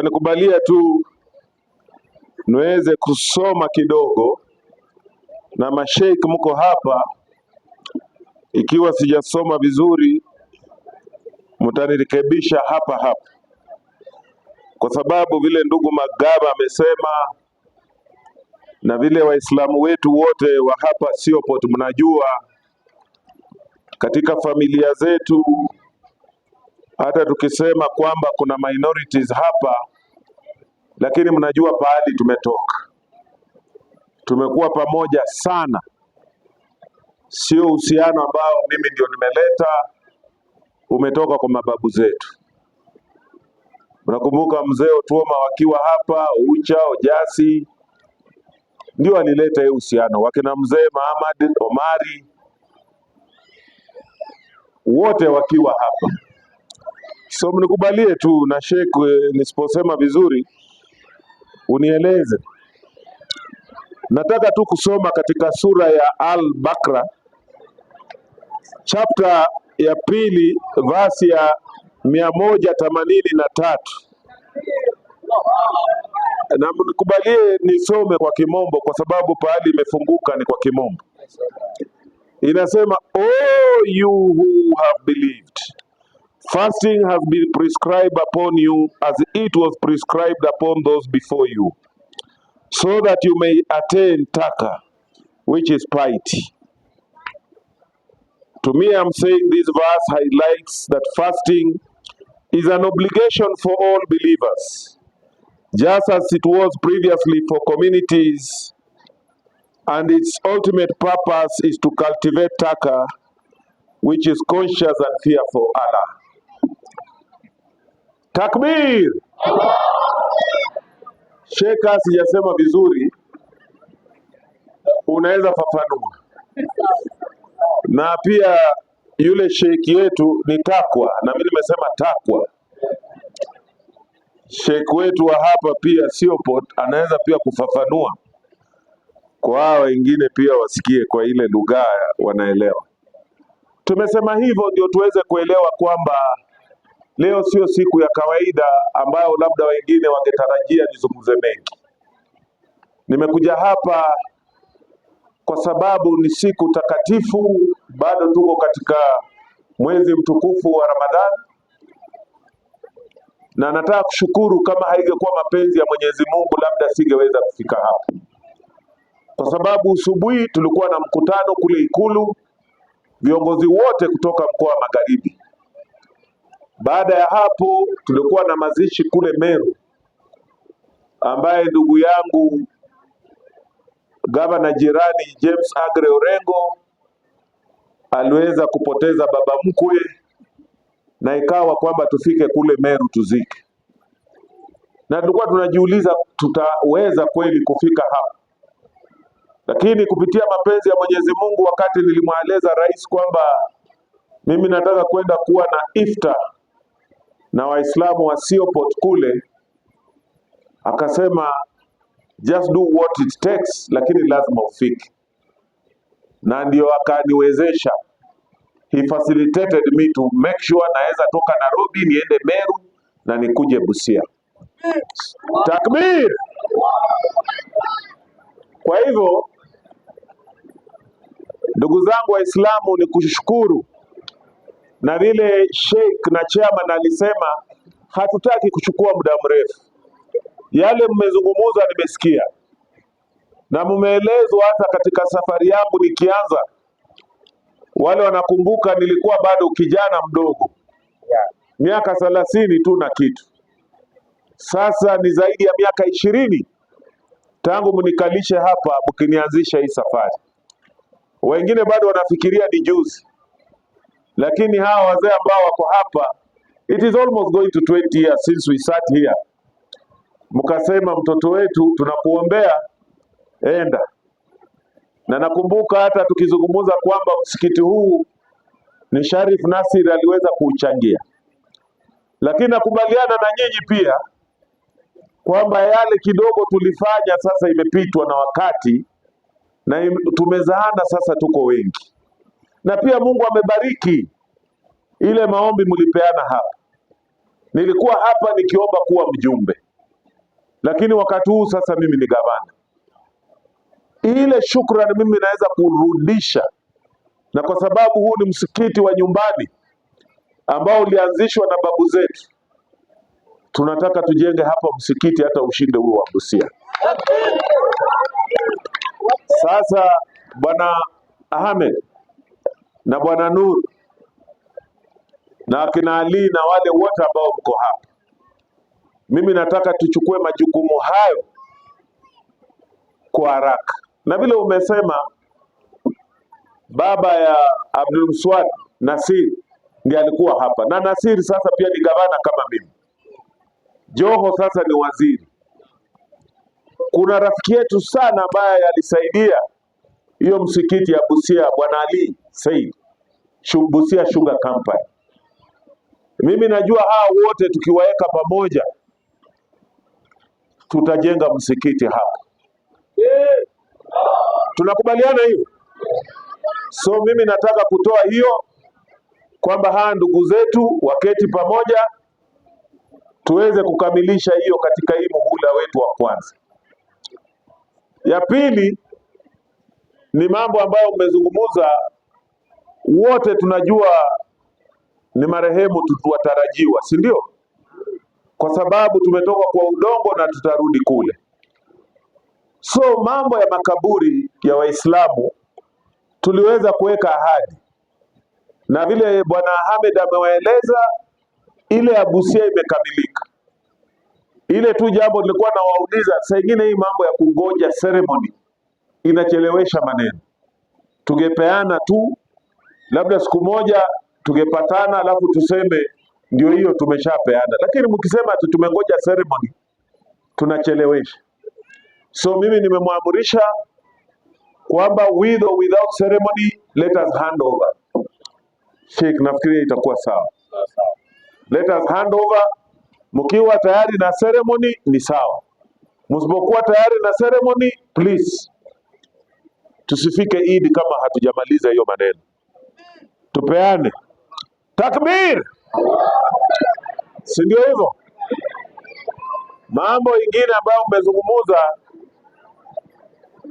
utanikubalia tu niweze kusoma kidogo, na masheikh mko hapa, ikiwa sijasoma vizuri mtanirekebisha hapa hapa, kwa sababu vile ndugu Magaba amesema na vile Waislamu wetu wote wa hapa Siyopot, mnajua katika familia zetu, hata tukisema kwamba kuna minorities hapa lakini mnajua pahali tumetoka. Tumekuwa pamoja sana, sio uhusiano ambao mimi ndio nimeleta, umetoka kwa mababu zetu. Mnakumbuka mzee Otuoma wakiwa hapa Ucha Ojasi, ndio alileta hii uhusiano, wakina mzee Mahamad Omari wote wakiwa hapa. So mnikubalie tu na Sheikh, eh, nisiposema vizuri unieleze. Nataka tu kusoma katika sura ya al bakra chapta ya pili vasi ya mia moja themanini na tatu na mnikubalie nisome kwa Kimombo kwa sababu pahali imefunguka ni kwa Kimombo. Inasema, oh you who have believed Fasting has been prescribed upon you as it was prescribed upon those before you, so that you may attain taka, which is piety. To me, I'm saying this verse highlights that fasting is an obligation for all believers, just as it was previously for communities, and its ultimate purpose is to cultivate taka, which is conscious and fear for Allah. Takbir! Sheka, sijasema vizuri, unaweza fafanua. Na pia yule sheki yetu ni takwa, na mimi nimesema takwa. Sheki wetu wa hapa pia pot, anaweza pia kufafanua kwa hao wengine pia wasikie kwa ile lugha wanaelewa. Tumesema hivyo ndio tuweze kuelewa kwamba Leo sio siku ya kawaida ambayo labda wengine wangetarajia nizungumze mengi. Nimekuja hapa kwa sababu ni siku takatifu, bado tuko katika mwezi mtukufu wa Ramadhani, na nataka kushukuru. Kama haingekuwa mapenzi ya Mwenyezi Mungu, labda singeweza kufika hapa, kwa sababu asubuhi tulikuwa na mkutano kule Ikulu, viongozi wote kutoka mkoa wa Magharibi baada ya hapo tulikuwa na mazishi kule Meru, ambaye ndugu yangu gavana jirani James Agre Orengo aliweza kupoteza baba mkwe, na ikawa kwamba tufike kule Meru tuzike, na tulikuwa tunajiuliza tutaweza kweli kufika hapa, lakini kupitia mapenzi ya Mwenyezi Mungu, wakati nilimweleza rais kwamba mimi nataka kwenda kuwa na iftar na Waislamu wasio Port Kule, akasema just do what it takes, lakini lazima ufike, na ndio akaniwezesha. He facilitated me to make sure naweza toka Nairobi niende Meru na nikuje Busia. Takbir! Kwa hivyo ndugu zangu Waislamu, ni kushukuru na vile Sheikh na chairman alisema hatutaki kuchukua muda mrefu. Yale mmezungumza nimesikia na mmeelezwa. Hata katika safari yangu nikianza, wale wanakumbuka, nilikuwa bado kijana mdogo, miaka thelathini tu na kitu. Sasa ni zaidi ya miaka ishirini tangu mnikalishe hapa mkinianzisha hii safari. Wengine bado wanafikiria ni juzi lakini hawa wazee ambao wako hapa, it is almost going to 20 years since we sat here, mkasema mtoto wetu tunakuombea, enda. Na nakumbuka hata tukizungumza kwamba msikiti huu ni Sharif Nasir aliweza kuuchangia, lakini nakubaliana na nyinyi pia kwamba yale kidogo tulifanya sasa imepitwa na wakati na tumezaana sasa, tuko wengi na pia Mungu amebariki ile maombi mlipeana hapa. Nilikuwa hapa nikiomba kuwa mjumbe, lakini wakati huu sasa mimi ni gavana. Ile shukrani mimi naweza kurudisha, na kwa sababu huu ni msikiti wa nyumbani ambao ulianzishwa na babu zetu, tunataka tujenge hapa msikiti hata ushinde huo wa Busia. Sasa Bwana Ahmed na bwana Nur na akina Ali na wale wote ambao mko hapa. Mimi nataka tuchukue majukumu hayo kwa haraka, na vile umesema baba ya Abdul Mswad Nasir ndiye alikuwa hapa, na Nasir sasa pia ni gavana kama mimi. Joho sasa ni waziri. Kuna rafiki yetu sana ambaye alisaidia hiyo msikiti ya Busia Bwana Ali Said Busia Sugar Company. Mimi najua hawa wote tukiwaweka pamoja tutajenga msikiti hapa, tunakubaliana hiyo? So mimi nataka kutoa hiyo kwamba hawa ndugu zetu waketi pamoja tuweze kukamilisha hiyo katika hii muhula wetu wa kwanza. Ya pili ni mambo ambayo mmezungumza, wote tunajua ni marehemu tutuwatarajiwa si ndio? Kwa sababu tumetoka kwa udongo na tutarudi kule. So mambo ya makaburi ya Waislamu tuliweza kuweka ahadi, na vile bwana Ahmed amewaeleza, ile ya Busia imekamilika. Ile tu jambo nilikuwa nawauliza saa ingine, hii mambo ya kungoja ceremony inachelewesha maneno. Tungepeana tu labda siku moja tungepatana, alafu tuseme ndio hiyo tumeshapeana, lakini mkisema ati tumengoja ceremony tunachelewesha. So mimi nimemwamrisha kwamba with or without ceremony let us hand over. Sheikh, nafikiri itakuwa sawa. Let us hand over. Mkiwa tayari na ceremony ni sawa, msipokuwa tayari na ceremony please Tusifike Idi kama hatujamaliza hiyo maneno, tupeane takbir, si ndio hivyo? Mambo ingine ambayo mmezungumuza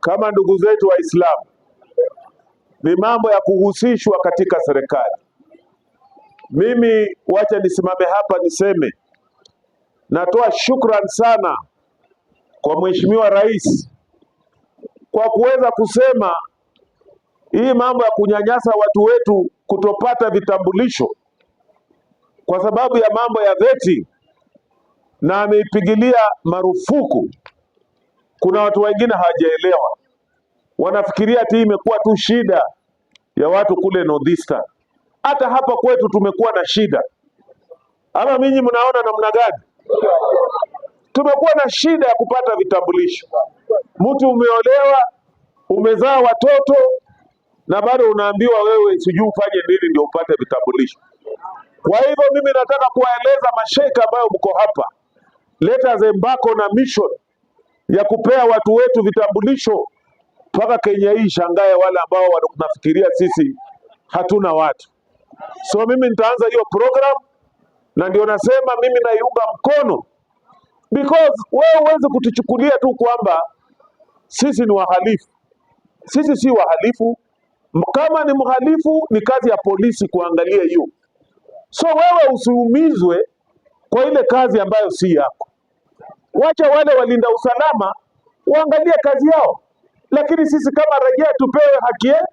kama ndugu zetu Waislamu ni mambo ya kuhusishwa katika serikali. Mimi wacha nisimame hapa niseme, natoa shukran sana kwa Mheshimiwa Rais kwa kuweza kusema hii mambo ya kunyanyasa watu wetu kutopata vitambulisho kwa sababu ya mambo ya veti, na ameipigilia marufuku. Kuna watu wengine hawajaelewa, wanafikiria ti imekuwa tu shida ya watu kule Northeastern. Hata hapa kwetu tumekuwa na shida, ama ninyi mnaona namna gani? Tumekuwa na shida ya kupata vitambulisho. Mtu umeolewa, umezaa watoto na bado unaambiwa wewe sijui ufanye nini ndio upate vitambulisho. Kwa hivyo mimi nataka kuwaeleza masheikh ambayo mko hapa, leta zembako na mission ya kupea watu wetu vitambulisho mpaka Kenya hii shangae wale ambao wanafikiria sisi hatuna watu. So mimi nitaanza hiyo program, na ndio nasema mimi naiunga mkono because wewe huwezi kutuchukulia tu kwamba sisi ni wahalifu. Sisi si wahalifu. Kama ni mhalifu, ni kazi ya polisi kuangalia hiyo. So wewe usiumizwe kwa ile kazi ambayo si yako. Wacha wale walinda usalama waangalie kazi yao, lakini sisi kama raia tupewe haki,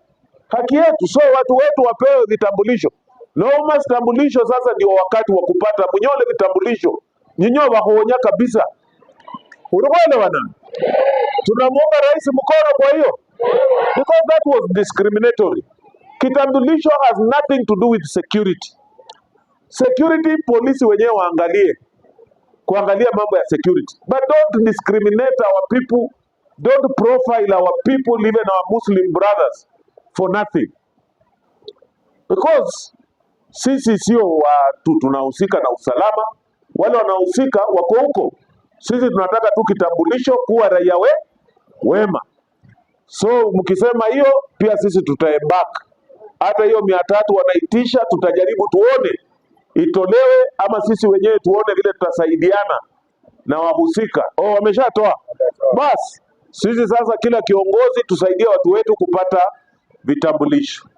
haki yetu. So watu wetu wapewe vitambulisho nauma vitambulisho. Sasa ndio wakati wa kupata mnyole vitambulisho nyinyo wahonya kabisa urukwelewana tunamuunga rais mkono. Kwa hiyo because that was discriminatory. Kitambulisho has nothing to do with security. Security polisi wenyewe waangalie kuangalia mambo ya security, but don't discriminate our people, don't profile our people, even our Muslim brothers for nothing because sisi sio watu tunahusika na usalama, wale wanahusika wako huko. Sisi tunataka tu kitambulisho kuwa raia wetu wema. So mkisema hiyo pia sisi tutaeback hata hiyo mia tatu wanaitisha, tutajaribu tuone itolewe ama sisi wenyewe tuone vile tutasaidiana na wahusika. Oh, wameshatoa basi. Sisi sasa, kila kiongozi tusaidie watu wetu kupata vitambulisho.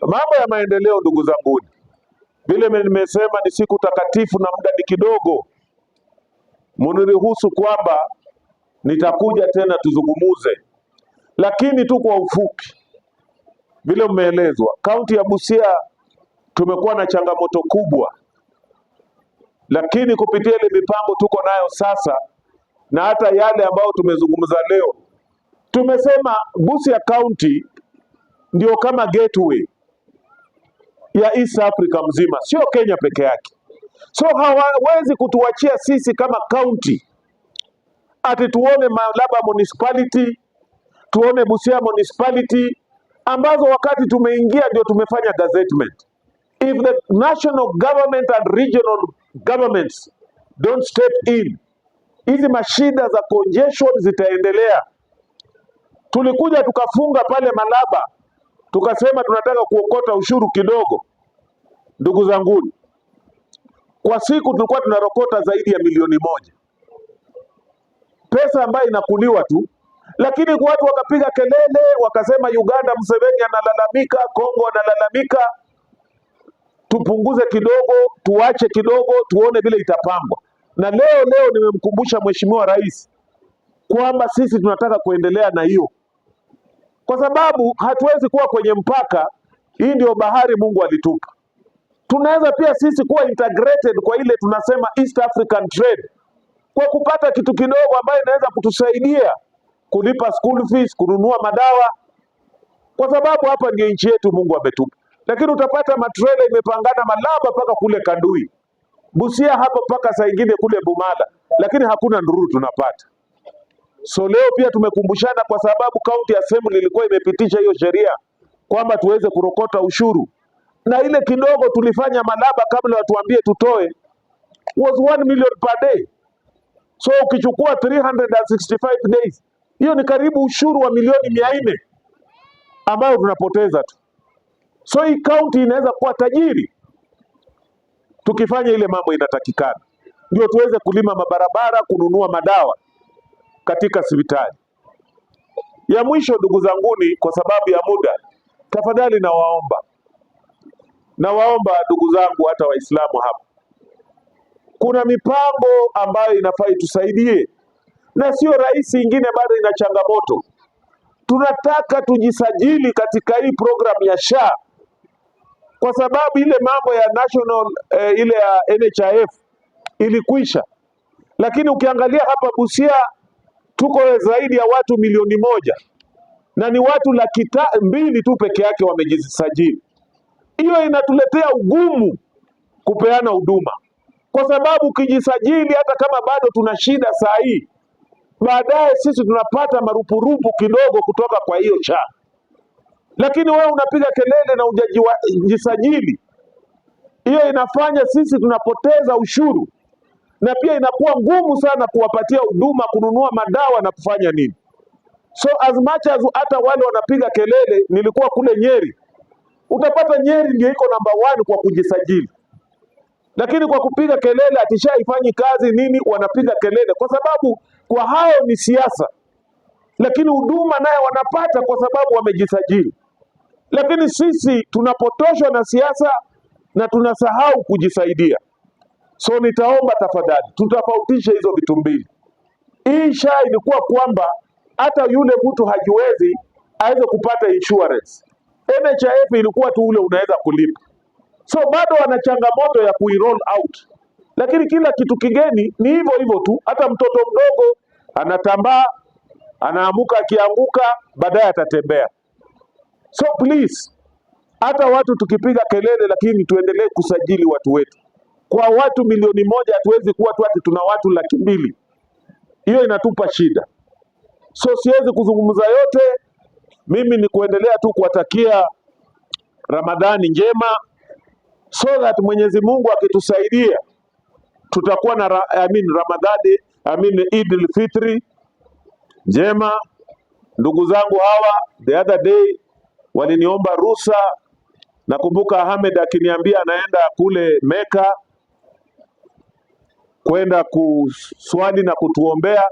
Mambo ya maendeleo, ndugu zanguni, vile nimesema ni siku takatifu na muda ni kidogo, muniruhusu kwamba nitakuja tena tuzungumuze, lakini tu kwa ufupi vile mmeelezwa, kaunti ya Busia tumekuwa na changamoto kubwa, lakini kupitia ile mipango tuko nayo sasa na hata yale ambayo tumezungumza leo, tumesema Busia County ndio kama gateway ya East Africa mzima, sio Kenya peke yake. So hawawezi kutuachia sisi kama county ati tuone Malaba municipality tuone Busia municipality ambazo wakati tumeingia ndio tumefanya gazettement. If the national government and regional governments don't step in, hizi mashida za congestion zitaendelea. Tulikuja tukafunga pale Malaba, tukasema tunataka kuokota ushuru kidogo. Ndugu zanguni, kwa siku tulikuwa tunarokota zaidi ya milioni moja pesa ambayo inakuliwa tu. Lakini watu wakapiga kelele, wakasema Uganda, Museveni analalamika, Kongo analalamika, tupunguze kidogo, tuache kidogo, tuone vile itapangwa. Na leo leo nimemkumbusha Mheshimiwa Rais kwamba sisi tunataka kuendelea na hiyo, kwa sababu hatuwezi kuwa kwenye mpaka. Hii ndio bahari Mungu alitupa. Tunaweza pia sisi kuwa integrated kwa ile tunasema East African Trade kwa kupata kitu kidogo ambayo inaweza kutusaidia kulipa school fees, kununua madawa, kwa sababu hapa ndio nchi yetu Mungu ametupa. Lakini utapata matrela imepangana Malaba mpaka kule Kandui, Busia hapa mpaka saa ingine kule Bumala, lakini hakuna nduru tunapata. So leo pia tumekumbushana, kwa sababu county assembly ilikuwa imepitisha hiyo sheria kwamba tuweze kurokota ushuru, na ile kidogo tulifanya Malaba kabla watuambie tutoe was 1 million per day. So ukichukua 365 days, hiyo ni karibu ushuru wa milioni mia nne ambayo tunapoteza tu. So hii kaunti inaweza kuwa tajiri tukifanya ile mambo inatakikana, ndio tuweze kulima mabarabara, kununua madawa katika hospitali. Ya mwisho, ndugu zanguni, kwa sababu ya muda, tafadhali nawaomba, nawaomba ndugu zangu, hata Waislamu hapa kuna mipango ambayo inafaa itusaidie, na sio rahisi, ingine bado ina changamoto. Tunataka tujisajili katika hii programu ya SHA kwa sababu ile mambo ya national eh, ile ya NHIF ilikwisha, lakini ukiangalia hapa Busia tuko zaidi ya watu milioni moja na ni watu laki mbili tu peke yake wamejisajili. Hiyo inatuletea ugumu kupeana huduma kwa sababu ukijisajili, hata kama bado tuna shida saa hii, baadaye sisi tunapata marupurupu kidogo kutoka kwa hiyo cha. Lakini wewe unapiga kelele na hujajisajili, hiyo inafanya sisi tunapoteza ushuru na pia inakuwa ngumu sana kuwapatia huduma, kununua madawa na kufanya nini. So as much as hata wale wanapiga kelele, nilikuwa kule Nyeri, utapata Nyeri ndio iko namba one kwa kujisajili lakini kwa kupiga kelele atishaifanyi kazi nini, wanapiga kelele kwa sababu kwa hao ni siasa, lakini huduma naye wanapata kwa sababu wamejisajili. Lakini sisi tunapotoshwa na siasa na tunasahau kujisaidia. So nitaomba tafadhali tutofautishe hizo vitu mbili. Hii shaa ilikuwa kwamba hata yule mtu hajiwezi aweze kupata insurance. NHIF ilikuwa tu ule unaweza kulipa So bado wana changamoto ya roll out, lakini kila kitu kigeni ni hivyo hivyo tu. Hata mtoto mdogo anatambaa, anaamuka, akianguka baadaye atatembea. So please, hata watu tukipiga kelele, lakini tuendelee kusajili watu wetu. Kwa watu milioni moja hatuwezi kuwa tu ati tuna watu laki mbili, hiyo inatupa shida. So siwezi kuzungumza yote, mimi ni kuendelea tu kuwatakia Ramadhani njema so that Mwenyezi Mungu akitusaidia tutakuwa na ra, I mean, Ramadhani I mean, Eid al-Fitri njema. Ndugu zangu hawa the other day waliniomba rusa. Nakumbuka Ahmed akiniambia anaenda kule Meka kwenda kuswali na kutuombea,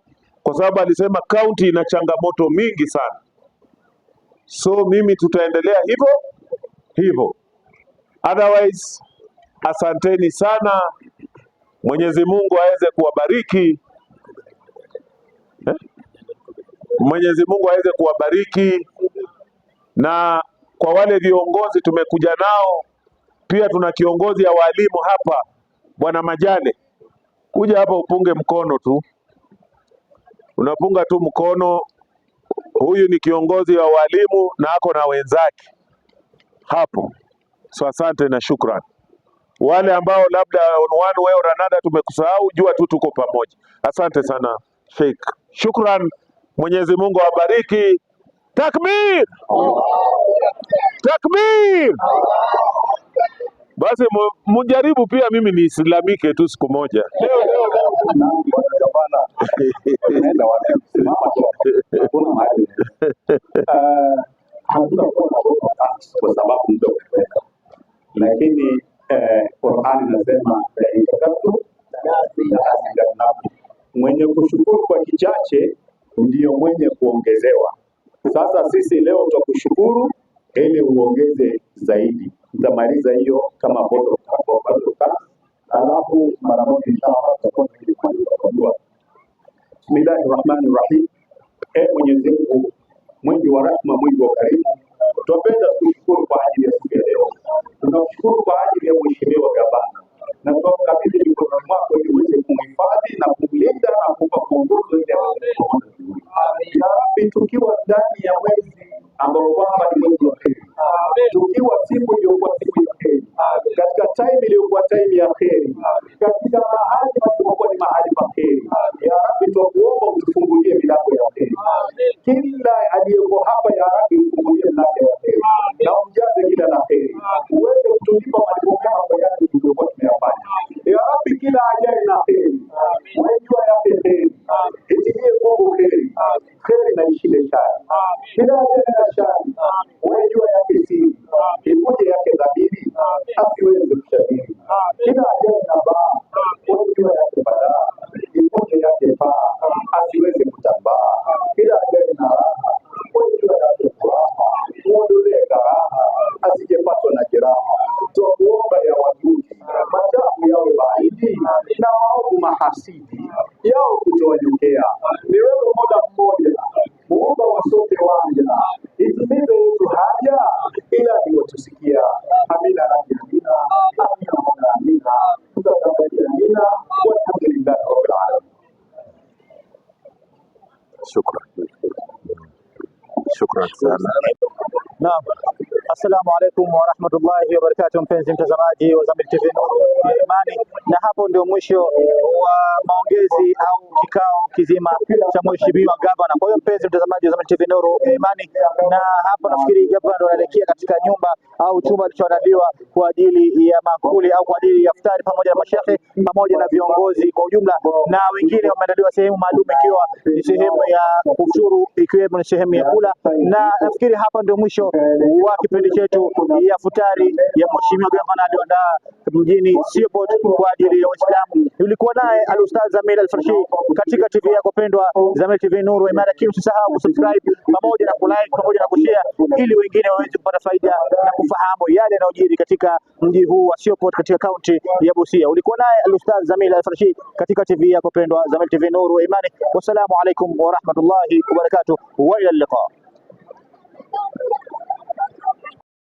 kwa sababu alisema kaunti ina changamoto mingi sana. So mimi tutaendelea hivyo hivyo. Otherwise, asanteni sana. Mwenyezi Mungu aweze kuwabariki eh? Mwenyezi Mungu aweze kuwabariki na kwa wale viongozi tumekuja nao pia, tuna kiongozi ya walimu hapa, Bwana Majane, kuja hapa upunge mkono tu, unapunga tu mkono. Huyu ni kiongozi wa walimu na ako na wenzake hapo. So asante na shukran. Wale ambao labda on one way or another tumekusahau, jua tu tuko pamoja. Asante sana Sheikh, shukran. Mwenyezi Mungu awabariki. Takbir, takbir. Basi mujaribu pia mimi niislamike tu siku moja lakini eh, Qur'ani inasema aishakatu aaiaau mwenye kushukuru kwa kichache ndiyo mwenye kuongezewa. Sasa sisi leo twakushukuru kukupa tukiwa ndani ya mwezi ambao kwamba ni mwezi wa heri, tukiwa siku iliyokuwa siku ya heri, katika time iliyokuwa time ya Shida na shari wejua yake siri, ikuje yake dhamiri, asiweze kushabiri. Kila ajenda baa Shukrani sana. Naam, assalamu alaikum warahmatullahi wabarakatuh, mpenzi mtazamaji wa Zamyl TV Nuru ya Imani, na hapo ndio mwisho wa maongezi au kikao kizima cha mheshimiwa gavana. Kwa hiyo mpenzi mtazamaji wa Zamyl TV Nuru eh, Imani, na hapa nafikiri gavana ndo anaelekea katika nyumba au chumba kilichoandaliwa kwa ajili ya makuli au kwa ajili ya iftari pamoja na mashehe pamoja na viongozi kwa ujumla, na wengine wameandaliwa sehemu maalum, ikiwa ni sehemu ya kushuru, ikiwemo ni sehemu ya kula, na nafikiri hapa ndio mwisho wa kipindi chetu ya futari ya mheshimiwa gavana alioandaa mjini Sirpot kwa ajili ya Waislamu. Ulikuwa naye Alustadh Zamyl Alfarshi katika TV yako pendwa Zamyl TV Nuru Imani, lakini usisahau kusubscribe pamoja na kulike pamoja na kushare ili wengine waweze kupata faida na kufahamu yale yanayojiri katika mji huu wa Siyopot katika kaunti ya Busia. Ulikuwa naye Alustadh Zamyl Alfarshi katika TV yako pendwa Zamyl TV Nuru Imani. Wassalamu alaikum wa wabarakatuh wa ila liqa.